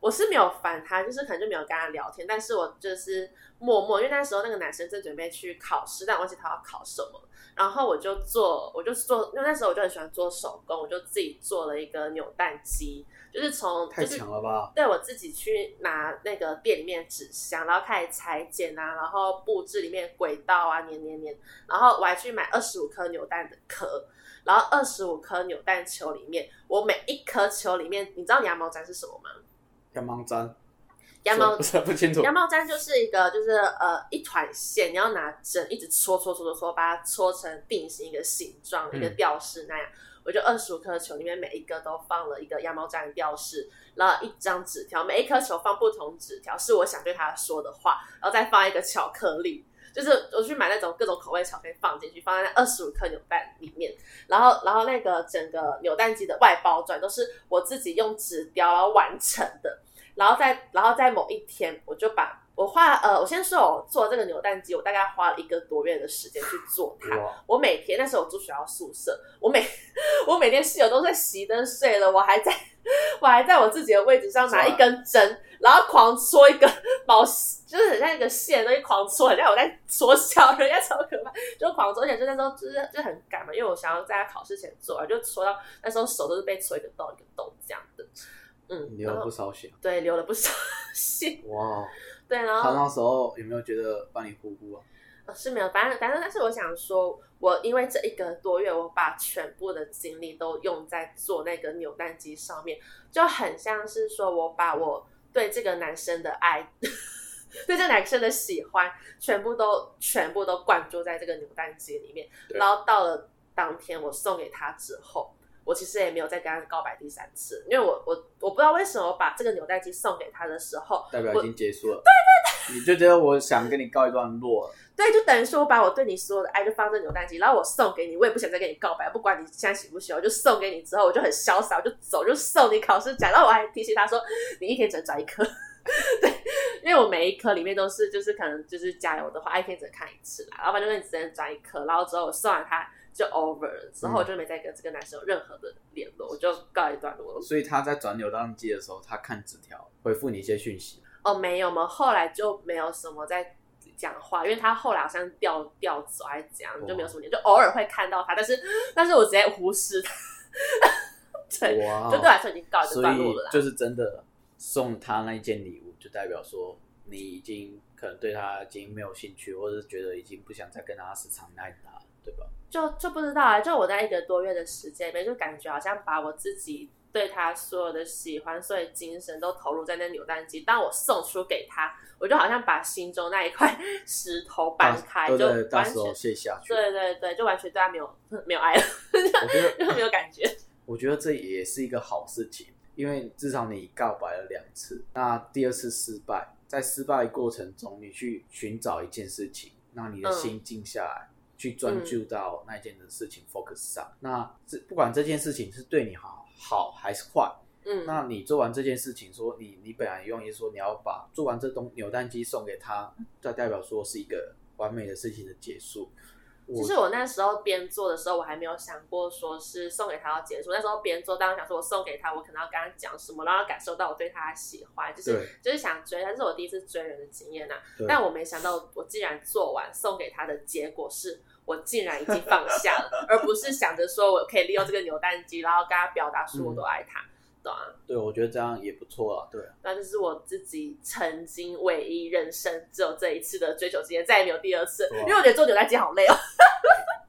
我是沒有煩他，就是可能就沒有跟他聊天，但是我就是默默，因為那時候那個男生正準備去考試，但我忘記他要考什麼，然後我就做，我就做，因為那時候我就很喜歡做手工，我就自己做了一個扭蛋機，就是從太強了吧，就是、對我自己去拿那個店裡面紙箱，然後開始裁剪啊，然後布置裡面軌道啊，粘粘粘，然後我還去買二十五顆扭蛋的殼，然後二十五顆扭蛋球裡面，我每一顆球裡面，你知道羊毛氈是什麼嗎？羊毛氈，羊毛氈不清楚。羊毛氈就是一個，就是呃，一團線，你要拿針一直戳戳戳戳戳，把它戳成定型一個形狀，嗯、一個吊飾那樣。我就二十五顆球裡面每一個都放了一個羊毛氈的吊飾，然後一張紙條，每一顆球放不同紙條，是我想對他說的話，然後再放一個巧克力。就是我去買那種各種口味的巧克力放進去，放在那二十五顆扭蛋裡面，然後，然後那個整個扭蛋機的外包裝都是我自己用紙雕然後完成的，然後在，然後在某一天我就把。我花呃，我先說，我做這個扭蛋機，我大概花了一個多月的時間去做它。Wow. 我每天那時候我住學校宿舍，我每我每天室友都在熄燈睡了，我還在我還在我自己的位置上拿一根針，Wow. 然後狂戳一個毛，就是很像一個線東西狂戳，人家我在戳笑，人家超可怕，就狂戳。而且就那時候就是就很趕嘛，因為我想要在考試前做，而就戳到那時候手都是被戳一個洞一個洞這樣的。嗯，流了不少血。對，流了不少血。 哇，對，然後他那時候有沒有覺得幫你呼呼啊？是沒有，反正反正，但是我想說，我因為這一個多月，我把全部的精力都用在做那個扭蛋機上面，就很像是說，我把我對這個男生的愛， 對這男生的喜歡，全部都全部都灌注在這個扭蛋機裡面。然後到了當天，我送給他之後。我其實也沒有再跟他告白第三次，因為我我我不知道為什麼我把這個扭蛋機送給他的時候，代表已經結束了。對對對，你就覺得我想跟你告一段落。 對，就等於說我把我對你所有的愛、啊、就放在扭蛋機，然後我送給你，我也不想再跟你告白，不管你現在喜不喜歡，我就送給你之後，我就很瀟灑，我就走，就送你考試卷，然後我還提醒他說，你一天只能轉一顆， 對，因為我每一顆裡面都是就是可能就是加油的話，啊、一天只能看一次嘛，然後反正你只能轉一顆，然後之後我送完他。就 over 了，之後我就沒再跟這個男生有任何的聯絡，嗯，我就告一段落了。所以他在轉扭蛋機的時候，他看紙條回復你一些訊息？哦，oh，沒有嘛，後來就沒有什麼在講話，因為他後來好像調調走還是怎樣，就沒有什麼聯，就偶爾會看到他，但是但是我直接忽視他， 對，wow, 就對我來說已經告一段落了啦。就是真的送他那一件禮物，就代表說你已經可能對他已經沒有興趣，或者是覺得已經不想再跟他時常聯打，對吧？就就不知道啊！就我在一個多月的時間裡面，就感覺好像把我自己對他所有的喜歡、所有的精神都投入在那扭蛋機。當我送出給他，我就好像把心中那一塊石頭搬開，啊、對對對，就到時候卸下去了。對對對，就完全對他沒有沒有愛了， 就沒有感覺、啊。我覺得這也是一個好事情，因為至少你告白了兩次。那第二次失敗，在失敗過程中，你去尋找一件事情，讓你的心靜下來。嗯去專注到那件的事情 focus 上，嗯、那這不管這件事情是對你好好還是壞，嗯，那你做完這件事情說，說你你本來也用意說你要把做完這東扭蛋機送給他，就代表說是一個完美的事情的結束。其實我那時候邊做的時候，我還沒有想過說是送給他要結束。那時候邊做，當然想說我送給他，我可能要跟他講什麼，讓他感受到我對他的喜歡，就是就是想追他，但是我第一次追人的經驗吶、啊。但我沒想到我，我竟然做完送給他的結果是，我竟然已經放下了， 而不是想着說我可以利用這個扭蛋機，然後跟他表達說我多愛他。嗯對，我覺得這樣也不錯啊。對，那這是我自己曾經唯一人生只有這一次的追求，時間再也沒有第二次，啊、因為我覺得做韭菜姐好累哦。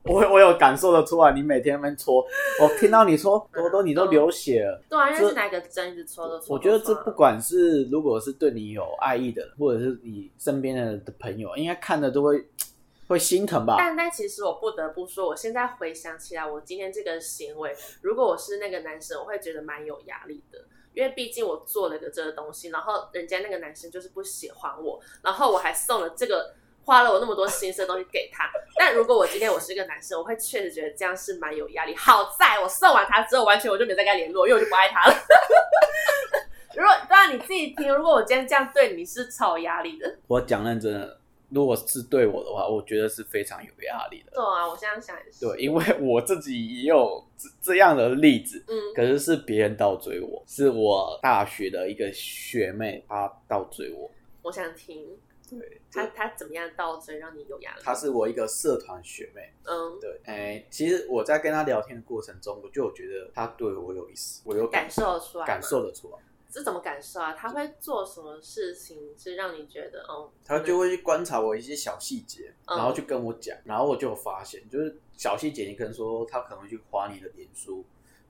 我我有感受得出來，你每天在搓， 我聽到你說多多，你都流血了。嗯、對，對啊，因為是哪個針一直戳都，戳都，戳都戳。我覺得這不管是如果是對你有愛意的，或者是你身邊的的朋友，應該看着都會。會心疼吧？但但其實我不得不說，我現在回想起來，我今天這個行為，如果我是那個男生，我會覺得蠻有壓力的。因為畢竟我做了一個這個東西，然後人家那個男生就是不喜歡我，然後我還送了這個花了我那麼多心思的東西給他。 但如果我今天我是一個男生，我會確實覺得這樣是蠻有壓力。好在我送完他之後，完全我就沒再跟他聯絡，因為我就不愛他了。 如果當然你自己聽，如果我今天這樣對你是超壓力的，我講認真的。如果是對我的話，我覺得是非常有壓力的。對啊，我這樣想也是。對，因為我自己也有這樣的例子，嗯，可是是別人倒追我，是我大學的一個學妹她倒追我。我想聽，對，對她她怎麼樣倒追讓你有壓力？她是我一個社團學妹，嗯，對，哎、欸，其實我在跟她聊天的過程中，我就覺得她對我有意思，我有感，感受得出來，感受得出來。感受得出來。是怎麼感受啊？他會做什麼事情是讓你覺得哦？他就會去觀察我一些小細節，然後就跟我講、嗯，然後我就發現，就是小細節。你可能說他可能會去滑你的臉書，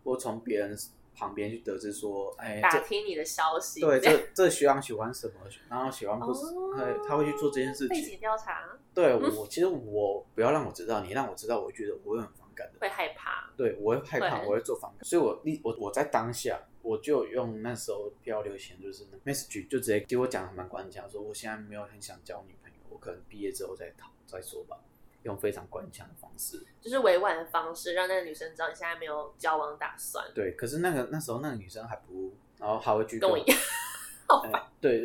或從別人旁邊去得知說，哎，打聽你的消息。對，這這學長喜歡什麼？然後喜歡不是、哦，他會去做這件事情。背景調查。對我，其實我不要讓我知道，你讓我知道，我覺得我會很反感的。會害怕。對，我會害怕，我會做反感。所以我立我我在當下。我就用那時候比較流行就是那 message 就直接給我講得蠻官腔，說我現在沒有很想交女朋友，我可能畢業之後再討再說吧。用非常官腔的方式，就是委婉的方式，讓那個女生知道你現在沒有交往打算。對，可是那個那時候那個女生還不然後還會去跟我一樣。對，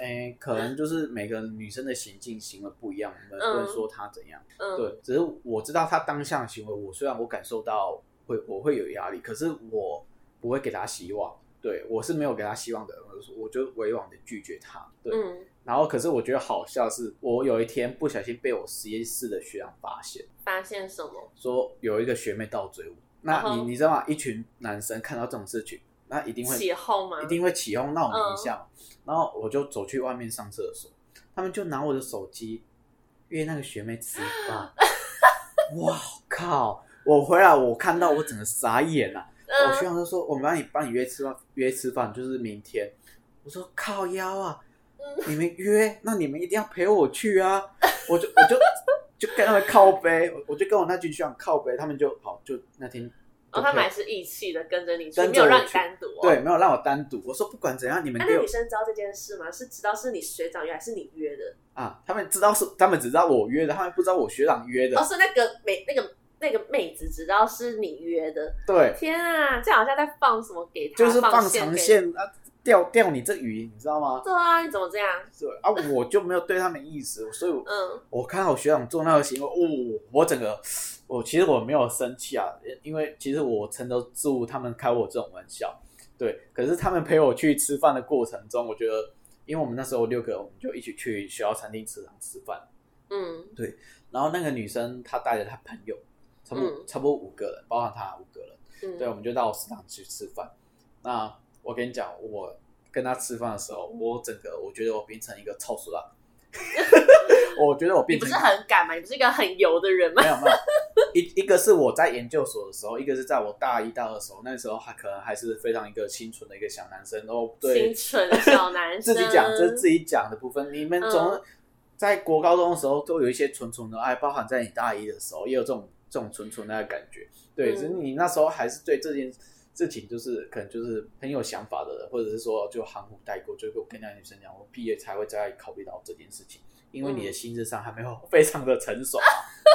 哎、 欸，可能就是每個女生的行徑行為不一樣，嗯、能不能說她怎樣、嗯。對，只是我知道她當下的行為我，我雖然我感受到會我會有壓力，可是我。我會給他希望，對我是沒有給他希望的人，我就委婉的拒絕他。對、嗯，然後可是我覺得好笑是，我有一天不小心被我實驗室的學長發現，發現什麼？說有一個學妹倒追我，那你你知道嗎？一群男生看到這種事情，那一定會起哄嘛？一定會起哄鬧哄一下、嗯、然後我就走去外面上廁所，他們就拿我的手機約那個學妹吃飯。 哇靠！我回來我看到我整個傻眼了、啊。我、哦、學長就說：“我們讓你幫你約吃飯，約吃飯就是明天。”我說：“靠腰啊、嗯！你們約，那你們一定要陪我去啊！” 我就我就就跟他們靠杯，我，我就跟我那群學長靠杯，他們就好就那天。哦，他們還是義氣的跟，跟着你，沒有讓你單獨、哦。對，沒有讓我單獨。我說不管怎樣，你們、啊。那個女生知道這件事嗎？是知道是你學長約，還是你約的？啊，他們知道是，他們只知道我約的，他們不知道我學長約的。哦，是那個美那個。那個妹子只知道是你約的，對，天啊，這樣好像在放什麼給他？給就是放長線，放線啊，釣釣你這魚，你知道嗎？對啊，你怎麼這樣？對啊， 我就沒有對他們意思，所以我嗯，我看到學長做那個行為，哦，我整個我其實我沒有生氣啊，因為其實我承得住他們開我這種玩笑，對。可是他們陪我去吃飯的過程中，我覺得，因為我們那時候六個，我們就一起去學校餐廳食堂吃飯，嗯，對。然後那個女生她帶着她朋友。差不多、嗯、差不多五個人，包含他五個人，嗯、對，我們就到食堂去吃飯、嗯。那我跟你講，我跟他吃飯的時候、嗯，我整個我覺得我變成一個臭俗辣。嗯、 我覺得我變成。你不是很敢嗎？你不是一個很油的人嗎？沒有沒有。 一一個是我在研究所的時候，一個是在我大一、大二的時候，那時候還可能還是非常一個清純的一個小男生。然、哦、後對，清純小男生 自己講，就是自己講的部分。你們總在國高中的時候都有一些純純的愛、嗯，包含在你大一的時候也有這種。這種純純的感覺，對，所、嗯、以你那時候還是對這件事情就是可能就是很有想法的人，或者是說就含糊帶過。就會跟那女生講，我畢業才會再考慮到這件事情，因為你的心智上還沒有非常的成熟、啊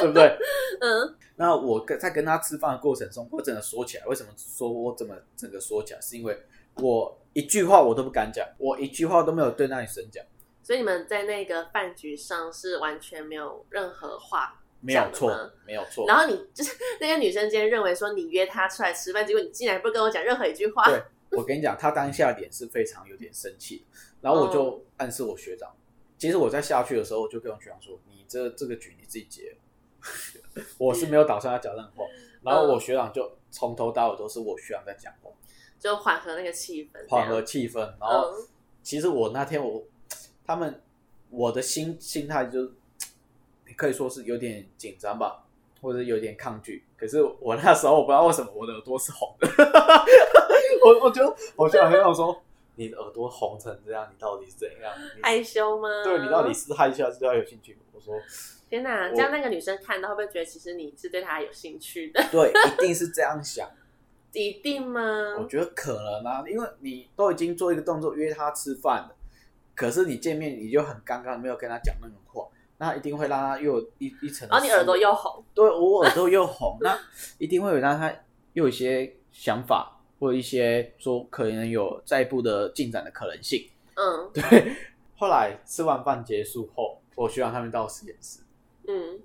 嗯，對不對？嗯。那我在跟他吃飯的過程中，我真的說起來，為什麼說我怎麼整個說起來？是因為我一句話我都不敢講，我一句話都沒有對那女生講。所以你們在那個飯局上是完全沒有任何話。沒有錯，沒有錯。然後你就是那個女生，今天認為說你約她出來吃飯，結果你竟然不跟我講任何一句話。對，我跟你講，她當下的臉是非常有點生氣的。 然後我就暗示我學長，其實我在下去的時候我就跟我學長說：“你這這個局你自己接。 ”我是沒有打算要講任何話。 然後我學長就從頭到尾都是我學長在講話，就緩和那個氣氛，緩和氣氛。然後其實我那天我他們我的心心態就。可以說是有點緊張吧，或者有點抗拒。可是我那時候我不知道為什麼我的耳朵是紅的， 我就我覺得好像很想說，你的耳朵紅成這樣，你到底是怎樣？你害羞嗎？對，你到底是害羞還是對他有興趣嗎？我說，天哪！這樣那個女生看到會不會覺得其實你是對她有興趣的？ 對，一定是這樣想。一定嗎？我覺得可能啊，因為你都已經做一個動作約她吃飯了，可是你見面你就很尷尬，沒有跟她講那種話。那一定會讓他又一一層，然後、啊、你耳朵又紅，對我耳朵又紅， 那一定會有讓他又有一些想法，或一些說可能有再一步的進展的可能性。嗯，對。後來吃完飯結束後，我學長他們到實驗室，嗯，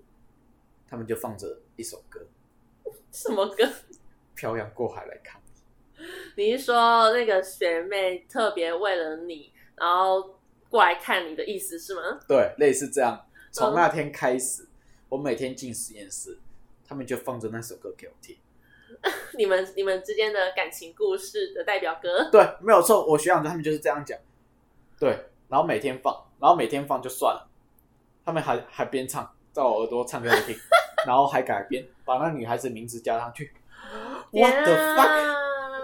他們就放着一首歌，什麼歌？漂洋過海來看你。你是說那個學妹特別為了你，然後過來看你的意思是嗎？對，類似這樣。從那天開始，我每天進實驗室，他們就放着那首歌給我聽。你們你們之間的感情故事的代表歌？對，沒有錯，我學長他們就是這樣講。對，然後每天放，然後每天放就算了，他們還還邊唱，在我耳朵唱歌給我聽， 然後還改編，把那女孩子的名字加上去。What the fuck，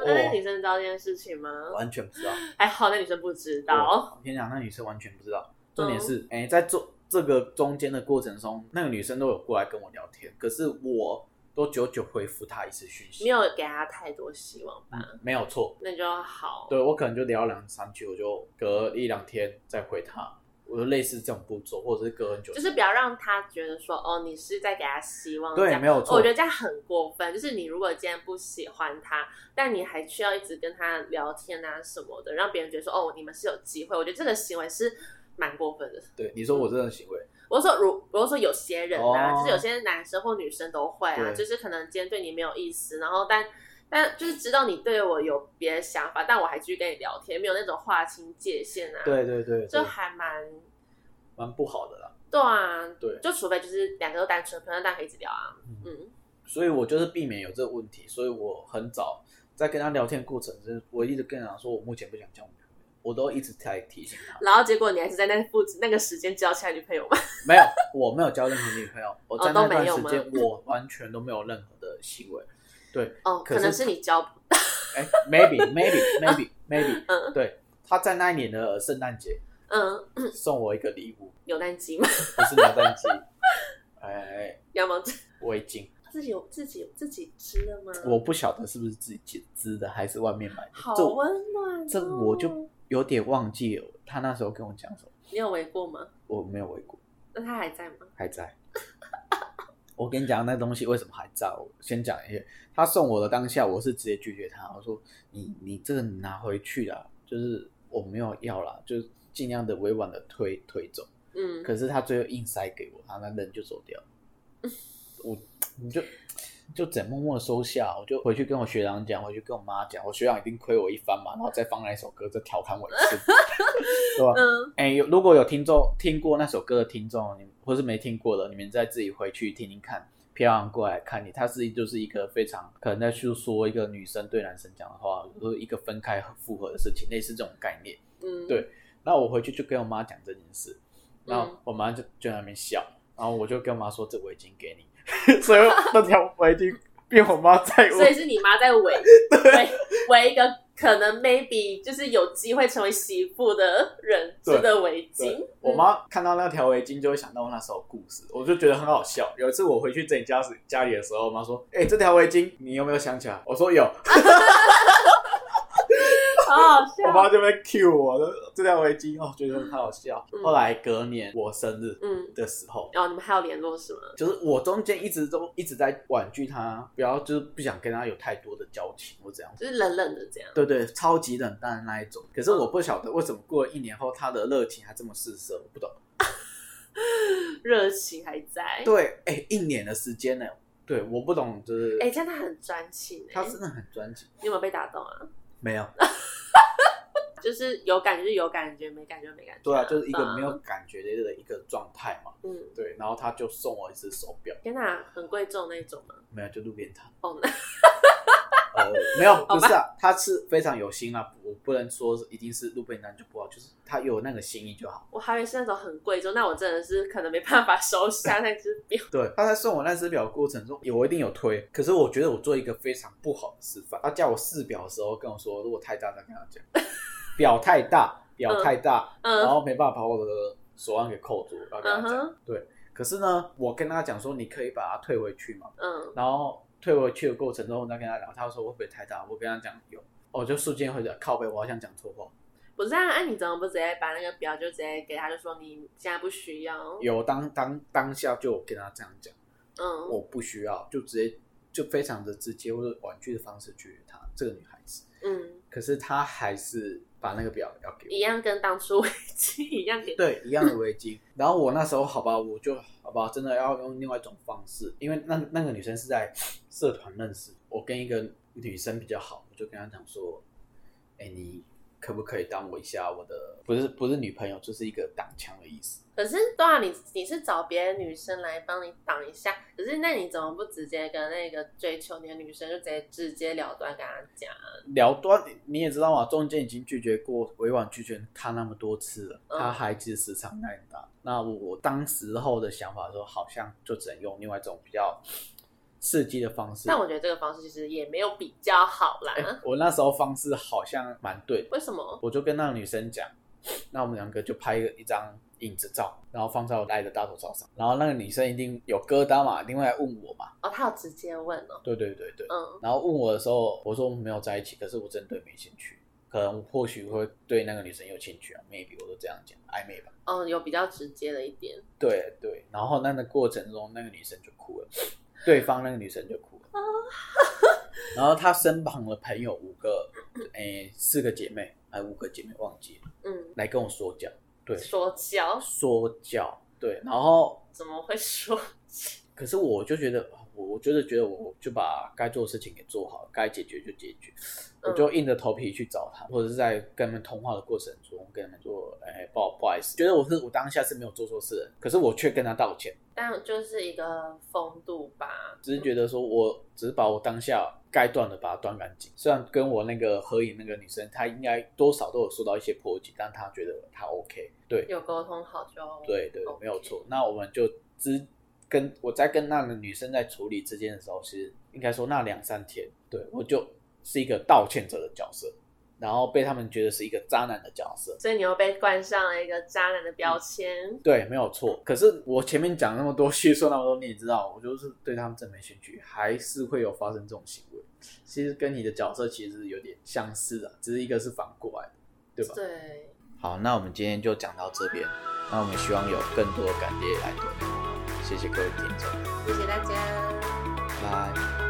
那女生知道這件事情嗎？完全不知道。還好那女生不知道。我跟你講，那女生完全不知道。嗯、重點是，哎、欸，在做。這個中間的過程中，那個女生都有過來跟我聊天，可是我都久久回復她一次訊息，沒有給她太多希望吧？嗯，沒有錯，那就好。對，我可能就聊兩三句，我就隔一兩天再回她，我就類似這種步驟，或者是隔很久，就是不要讓她覺得說哦，你是在給她希望。對，沒有錯。哦，我覺得這樣很過分，就是你如果今天不喜歡他，但你還需要一直跟他聊天啊什麼的，讓別人覺得說哦，你們是有機會。我覺得這個行為是。蠻過分的。對，你說我這種行為、嗯，我說如，我說，說有些人啊、哦，就是有些男生或女生都會啊，就是可能今天對你沒有意思，然後但但就是知道你對我有別的想法，但我還繼續跟你聊天，沒有那種劃清界限啊。對對對，對，就還蠻蠻不好的啦。對啊，對，就除非就是兩個都單純，可能大家可以一直聊啊嗯。嗯。所以我就是避免有這個問題，所以我很早在跟他聊天過程中，就是、我一直跟他說，我目前不想交往。我都一直在提醒他，然後結果你還是在那步那個時間交下女朋友嗎？ 沒有，我沒有交任何女朋友。我都沒有在那段時間、oh,，我完全都沒有任何的行為。對，哦、oh,，可能是你交不到。哎 ，maybe，maybe，maybe，maybe、欸。Maybe, Maybe, Maybe, oh, Maybe, uh, 對，他在那一年的聖誕節，嗯，送我一個禮物。扭 蛋機嗎？不 是扭蛋機， 哎，羊毛氈圍巾。自己有自己自己織的嗎？我不曉得是不是自己織的，還是外面買的。好溫暖、哦，這我就。有點忘記了他那時候跟我講什麼。你有圍過嗎？我沒有圍過。那他還在嗎？還在。 我跟你講，那東西為什麼還在？我先講一下，他送我的當下，我是直接拒絕他，我說：“你你這個你拿回去啦，就是我沒有要啦，就是盡量的委婉的推推走。”嗯。可是他最後硬塞給我，然後，他那人就走掉。我你就。就整默默收下，我就回去跟我學長講，回去跟我媽講，我學長一定虧我一番嘛，然後再放那首歌，再調侃我一次，是 吧？哎、嗯欸，有如果有聽眾聽過那首歌的聽眾，你或是沒聽過的，你們再自己回去聽聽看。飄揚過來看你，他是就是一個非常可能在去說一個女生對男生講的話，就是一個分開和復合的事情，類似這種概念。嗯，對。那我回去就跟我媽講這件事，然後我媽就就在那邊笑，然後我就跟我媽說、嗯：“這我已經給你。” 所以那條圍巾變我媽在圍， 所以是你媽在圍圍一個可能 maybe 就是有機會成為媳婦的人織的圍巾。嗯、我媽看到那條圍巾就會想到那時候故事，我就覺得很好笑。有一次我回去整家時，家裡的時候，我媽說：“哎、欸，這條圍巾你有沒有想起來？”我說：“有。 ” 我媽就被 Q 我的這條圍巾哦，巾覺得很好笑，嗯。後來隔年我生日的時候，然，嗯，後，哦、你們還有聯絡是嗎？就是我中間一直都一直在婉拒他，不要就是不想跟他有太多的交情或這樣，就是冷冷的這樣。對，對對，超級冷淡的那一種。可是我不曉得為什麼過了一年後，他的熱情還這麼四射，我不懂。熱 情還在。對，哎，欸，一年的時間呢？對，我不懂，就是哎，真，欸，的很專情。他真的很專情。你有沒有被打動啊？沒有， 就是有感覺有感覺，沒感覺沒感覺、啊。對啊，就是一個沒有感覺的一個狀態嘛。嗯，對，然後他就送我一只手錶。天吶，很貴重那種嗎？沒有，就路邊攤。哦，oh, no. 沒有，不是啊，他是非常有心啊，我不，不能說一定是路邊攤就不好，就是他有那個心意就好。我還以為是那種很貴重，那我真的是可能沒辦法收下那隻表 對，他在送我那隻表過程中，我一定有推。可是我覺得我做一個非常不好的示範。他叫我試表的時候跟我說，如果太大，再跟他講 表太大，表太大，嗯，然後沒辦法把我的手腕給扣住，要、嗯、跟他講。對，可是呢，我跟他講說，你可以把它退回去嘛。嗯，然後。退回去的過程中，我再跟他聊，他會說我會不會太大？我跟他講有，哦，就瞬間會講靠背，我好像講錯話。不是啊，哎，你怎麼不直接把那個表就直接給他，就說你現在不需要？有當當當下就跟他這樣講，嗯，我不需要，就直接就非常的直接或者婉拒的方式拒絕他這個女孩子，嗯，可是他還是。把那個表要給我一樣，跟當初圍巾 一樣給對一樣的圍巾。 然後我那時候好吧，我就好吧，真的要用另外一種方式，因為那那個女生是在社團認識，我跟一個女生比較好，我就跟她講說，哎、欸、你。可不可以當我一下我的不是不是女朋友，就是一個擋槍的意思。可是多少，啊、你你是找別的女生來幫你擋一下？可是那你怎麼不直接跟那個追求你的女生就直接直接了斷跟她講？了斷你也知道嘛，中間已經拒絕過，委婉拒絕她那麼多次了，她還是時常那樣打、嗯。那我當時候的想法說，好像就只能用另外一種比較。刺激的方式，但我覺得這個方式其實也沒有比較好啦。欸、我那時候方式好像蠻對，為什麼？我就跟那個女生講，那我們兩個就拍了一一張影子照，然後放在我的愛的大頭照上。然後那個女生一定有疙瘩嘛，一定會來問我嘛。哦，她有直接問哦。對對對對，嗯。然後問我的時候，我說我們沒有在一起，可是我真的對沒興趣，可能或許會對那個女生有興趣啊，maybe 我都這樣講曖昧吧。嗯、哦，有比較直接的一點。對對，然後那個過程中，那個女生就哭了。對方那個女生就哭了，然後她身旁的朋友五個， 誒，四個姐妹，哎，五個姐妹忘記了，嗯，來跟我說教，對，說教，說教，對，然後怎麼會說？可是我就覺得。我我覺得，覺得我就把該做的事情給做好，該、嗯、解決就解決。我就硬着頭皮去找他、嗯，或者是在跟他們通話的過程中跟他們說：“哎、欸，不不好意思，嗯、覺得我是我當下是沒有做錯事，可是我卻跟他道歉。”但就是一個風度吧，只是覺得說我只是把我當下該斷的把它斷乾淨。雖然跟我那個合影那個女生，她應該多少都有受到一些波及，但她覺得她 OK，對，有溝通好就、OK、對對，沒有錯。那我們就之。跟我在跟那個女生在處理之間的時候，其實應該說那兩三天，對，我就是一個道歉者的角色，然後被他們覺得是一個渣男的角色，所以你又被冠上了一個渣男的標籤。嗯。對，沒有錯。可是我前面講那麼多，敘述那麼多，你也知道我就是對他們真沒興趣，還是會有發生這種行為。其實跟你的角色其實有點相似的，啊，只是一個是反過來的，對吧？對。好，那我們今天就講到這邊。那我們希望有更多乾爹來蹲。謝謝各位聽眾，謝謝大家，拜拜。